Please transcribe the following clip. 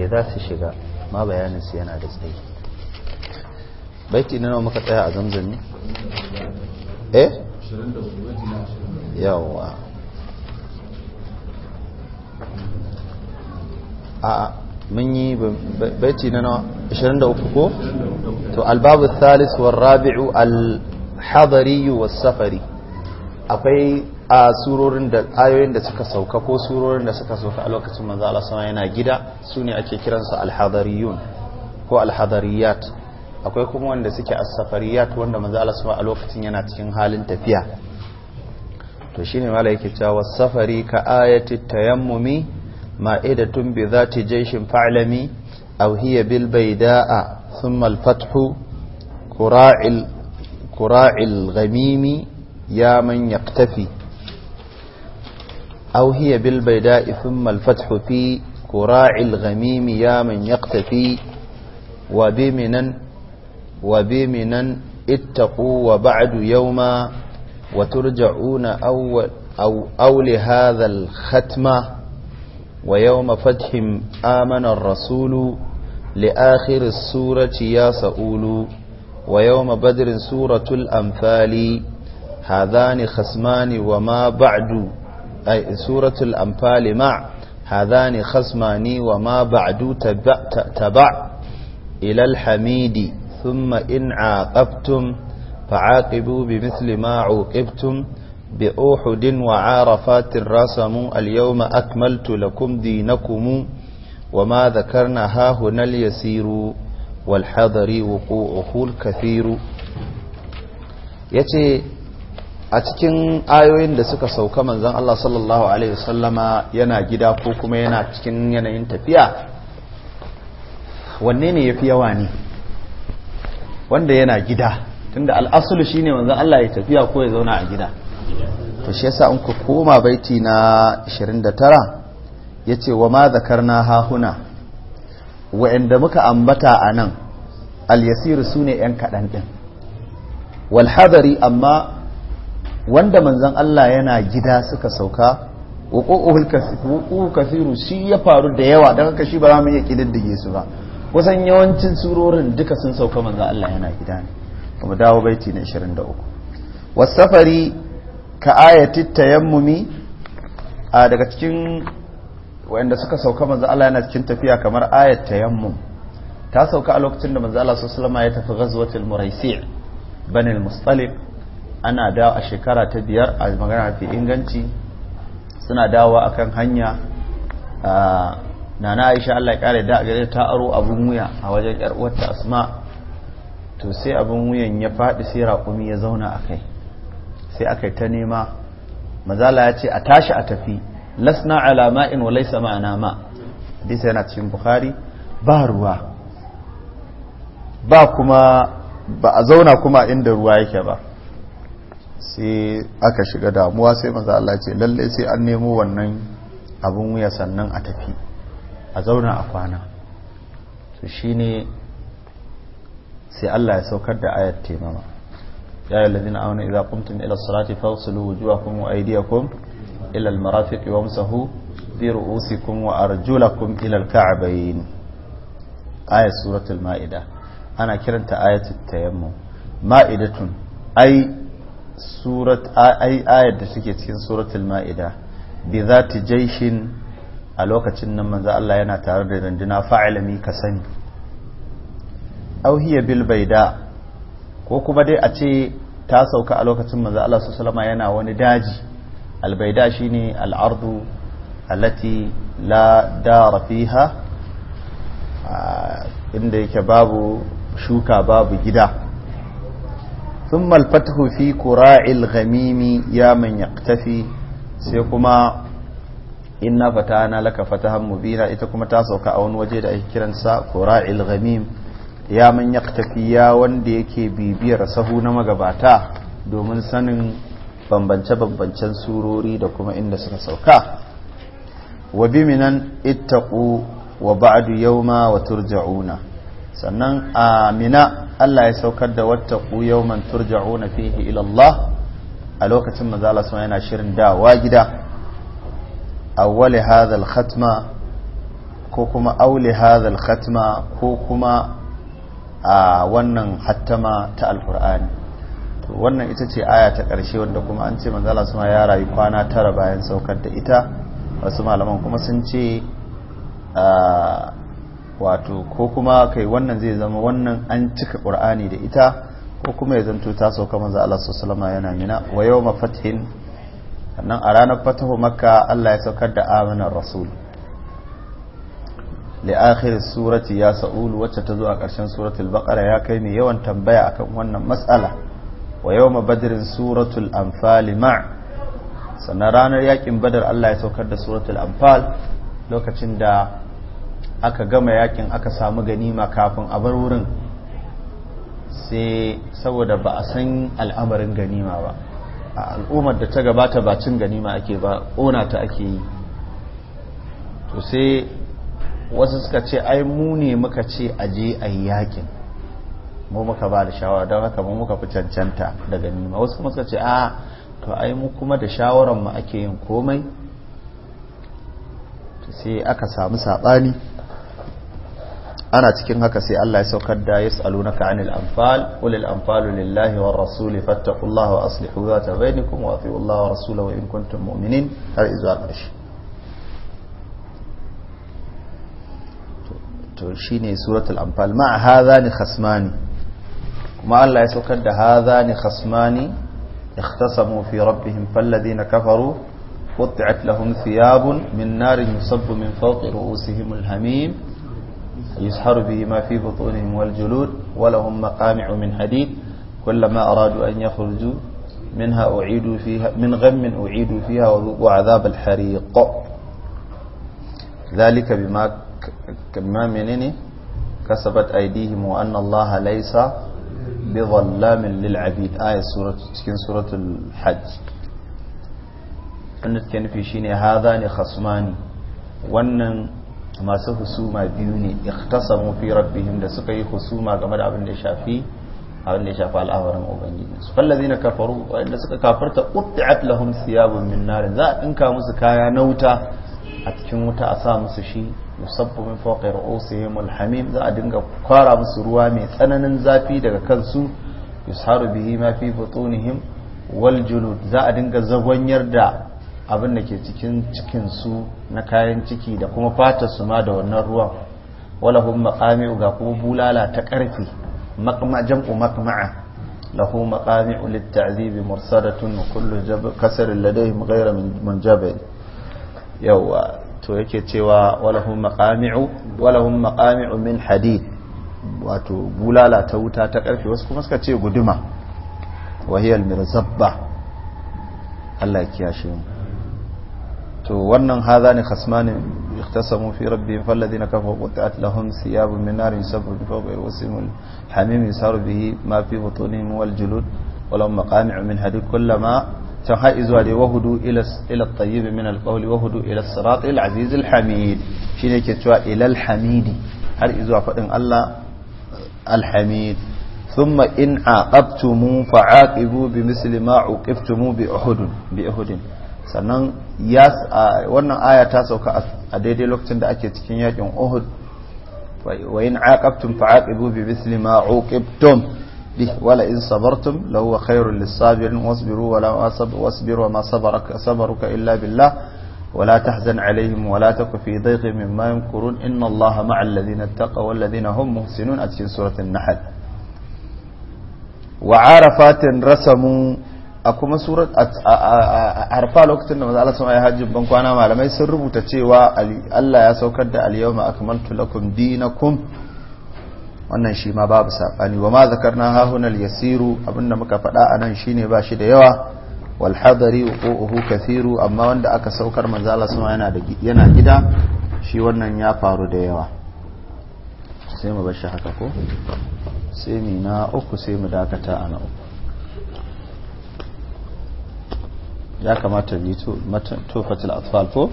eh za su shiga ma bayanin su yana da tsayi baiti nawa muka tsaya a zamzami eh yawa a mun yi baiti na nawa 23 ko to albabu thalith war rabi'u al hadari wa safari akwai a surorin da ayoyin da suka sauka ko surorin da suka sauka a lokacin manzo Allah sama yana gida su ne ake kiransu al-hadariyun ko alhadariyat akwai kuma wanda suke as-safariyat wanda manzo Allah sama a lokacin yana cikin halin tafiya to shine mala yake cewa was-safari ka ayati tayammumi ma'idatun bi zati jayshin fa'lami aw hiya bil bayda'a thumma al-fathu qura'il qura'il ghamimi ya man yaktafi أو هي بالبيداء ثم الفتح في كراع الغميم يا من يقتفي وبمنا وبمنا اتقوا وبعد يوما وترجعون أول أو, أو لهذا الختمة ويوم فتح آمن الرسول لآخر السورة يا سؤول ويوم بدر سورة الأنفال هذان خصمان وما بعد أي سورة الأنفال مع هذان خصماني وما بعد تبع, تبع إلى الحميد ثم إن عاقبتم فعاقبوا بمثل ما عوقبتم بأوحد وعارفات رسموا اليوم أكملت لكم دينكم وما ذكرنا ها هنا اليسير والحضر وقوعه الكثير يتي a cikin ayoyin da suka sauka manzon Allah sallallahu alaihi wasallama yana gida ko kuma yana cikin yanayin tafiya wanne ne ya fi yawa ne wanda yana gida tunda al'asulu shine manzon Allah ya tafiya ko ya zauna a gida to shi yasa in ku koma baiti na 29 ce wa ma na hahuna wa'inda muka ambata a nan al su ne yan kaɗan ɗin. walhazari amma wanda manzan Allah yana gida suka sauka wuku kasiru shi ya faru da yawa don haka shi ba za mu iya kididdige su ba kusan yawancin surorin duka sun sauka manzan Allah yana gida ne kuma dawo baiti na 23 wasafari ka ayatit tayammumi a daga cikin wanda suka sauka manzan Allah yana cikin tafiya kamar ayat tayammum ta sauka a lokacin da manzan Allah sallallahu alaihi wasallam ya tafi ghazwatul muraisi' banil mustaliq ana dawo a shekara ta biyar a magana fi inganci suna dawo akan hanya na na aisha allah kare da gare ta aro abin wuya a wajen yar uwarta asma to sai abin wuyan ya faɗi sai raƙumi ya zauna a kai sai aka ta nema mazala ya ce a tashi a tafi lasna alama in walai sama a nama hadisa yana cikin bukhari ba ruwa ba kuma ba a zauna kuma inda ruwa yake ba sai aka shiga damuwa sai maza Allah ce lalle sai an nemo wannan abin wuya sannan a tafi a zauna a kwana to shine sai Allah ya saukar da ayat taimama ya yi lalzina auna idza qumtum ila salati fawsilu wujuhakum wa aydiyakum ila almarafiqi wamsahu bi ru'usikum wa arjulakum ila alka'bayn ayat suratul ma'ida ana kiranta ayatul tayammum ma'idatun ai surat ai ayar da take cikin suratul ma'ida bi zati jaishin a lokacin nan manzo Allah yana tare da danduna fa'ilami ka sani auhiya bil baida ko kuma dai a ce ta sauka a lokacin manzo Allah sallallahu alaihi yana wani daji al baida shine al ardu allati la dara fiha inda yake babu shuka babu gida ثم الفتح في كراع الغميم يا من يقتفي سيكما إنا فتحنا لك فتحا مبينا إتكما تاسوك أون وجد أي كرنسا كراع الغميم يا من يقتفي يا وندي كي بيبير سهونا مغباتا domin sanin bambance-bambancen surori da kuma inda suka sauka wa biminan ittaqu wa ba'du yawma wa turja'una sannan amina Allah ya saukar da wattaqu yawman turja'una fihi ila Allah a lokacin mazala Allah yana shirin dawa gida awwali hadha al-khatma ko kuma aule hadha khatma ko kuma a wannan hattama ta alfur'ani to wannan ita ce aya ta ƙarshe wanda kuma an ce manzo Allah ya rayu kwana tara bayan saukar da ita wasu malaman kuma sun ce wato ko kuma kai wannan zai zama wannan an cika qur'ani da ita ko kuma ya zanto ta sauka manzo Allah sallallahu alaihi yana mina wa yawma fathin sannan a ranar fatahu makka Allah ya saukar da amanar rasul li akhir surati ya sa'ul wacce ta zo a ƙarshen suratul baqara ya kai ne yawan tambaya akan wannan matsala wa yawma badrin suratul anfal ma' sannan ranar yakin badar Allah ya saukar da suratul anfal lokacin da aka gama yakin aka samu ganima kafin a bar wurin sai saboda ba a san al'amarin ganima ba a al'ummar da ta gabata ba cin ganima ake ba ona ta ake yi to sai wasu suka ce ai mu ne muka ce aje a yi yakin mu muka ba da shawara don haka mu muka fi cancanta da ganima wasu kuma suka ce a to ai mu kuma da shawaran mu ake yin komai sai aka samu saɓani ana cikin haka sai Allah ya saukar da yas'alunaka 'anil anfal qul al anfalu lillahi war rasuli fattaqullaha wa aslihu zata bainakum wa atiiu Allah wa rasulahu in kuntum mu'minin har izuwa ƙarshe to shine suratul anfal ma hadhani khasmani kuma Allah ya saukar da hadhani khasmani ikhtasamu fi rabbihim falladhina kafaru قطعت لهم ثياب من نار يصب من فوق رؤوسهم الحميم يسحر به ما في بطونهم والجلود ولهم مقامع من حديد كلما أرادوا أن يخرجوا منها أعيدوا فيها من غم أعيدوا فيها وذوقوا عذاب الحريق ذلك بما كما منني كسبت أيديهم وأن الله ليس بظلام للعبيد آية سورة سورة الحج أنت كان في شيني هذان خصمان وأن masu husuma biyu ne ikhtasamu fi rabbihim da suka yi husuma game da abin da shafi abin da ya shafi al'awarin ubangiji su fallazi na kafaru wanda suka kafarta qutti'at lahum siyabun min nar za a dinka musu kaya na wuta a cikin wuta a sa musu shi yusabbu min fawqi ru'usihim al za a dinga kwara musu ruwa mai tsananin zafi daga kansu yusharu bihi ma fi butunihim wal za a dinga zagwanyar da abin da ke cikin cikinsu na kayan ciki da kuma fatarsu ma da wannan ruwan walahun makami'u ga kuma bulala ta ƙarfi jam'u makma'a lahu makami'u littazibi mursadatun kullu kasarin ladai gaira min jabal yawa to yake cewa walahun makami'u walahun makami'u min hadid wato bulala ta wuta ta ƙarfi wasu kuma suka ce guduma wahiyar mirzabba Allah ya kiyashe mu to wannan haza ne khasmani ikhtasamu fi rabbihim falladhina kafaru qut'at lahum thiyabun min narin sabr bi fawqi rusimul hamim yasaru bihi ma fi butunihim wal julud wa lahum maqami'u min hadid kullama tanha izwa dai wahudu ila ila at-tayyib min al-qawli wahudu ila as-sirat al-aziz al-hamid shine ke cewa ila al-hamidi har izwa fadin Allah al-hamid ثم إن عاقبتم فعاقبوا بمثل ما عوقبتم بأحد بأحد sannan wannan aya ta sauka a daidai lokacin da ake cikin yakin uhud wa in aqabtum fa'aqibu bi mithli ma uqibtum bi wala in sabartum law huwa khairul lisabirin wasbiru wala asab ma sabaraka sabaruka illa billah ولا تحزن عليهم ولا تك في ضيق مما يمكرون إن الله مع الذين اتقوا والذين هم محسنون أتشين سورة النحل وعرفات رسموا a kuma surat a harfa lokacin da maza'ala sun ayi hajji ban kwana malamai sun rubuta cewa Allah ya saukar da al-yawma akmaltu lakum dinakum wannan shi ma babu sabani wa ma zakarna hahuna al-yasiru abinda muka faɗa anan shine ba shi da yawa wal hadari uquhu kathiru amma wanda aka saukar maza'ala sun yana gida shi wannan ya faru da yawa sai mu bar haka ko sai uku sai mu dakata ana uku ya kamata yi to tufatul atfal ko